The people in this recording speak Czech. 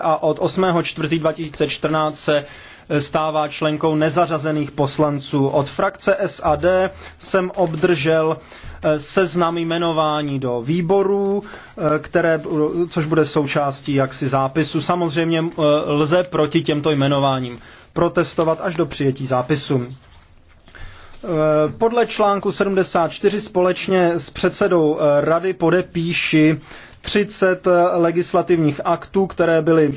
a od 8.4.2014 se eh, stává členkou nezařazených poslanců. Od frakce SAD jsem obdržel eh, seznam jmenování do výborů, eh, které, což bude součástí jaksi zápisu. Samozřejmě lze proti těmto jmenováním protestovat až do přijetí zápisu. Eh, podle článku 74 společně s předsedou eh, rady podepíši 30 eh, legislativních aktů, které byly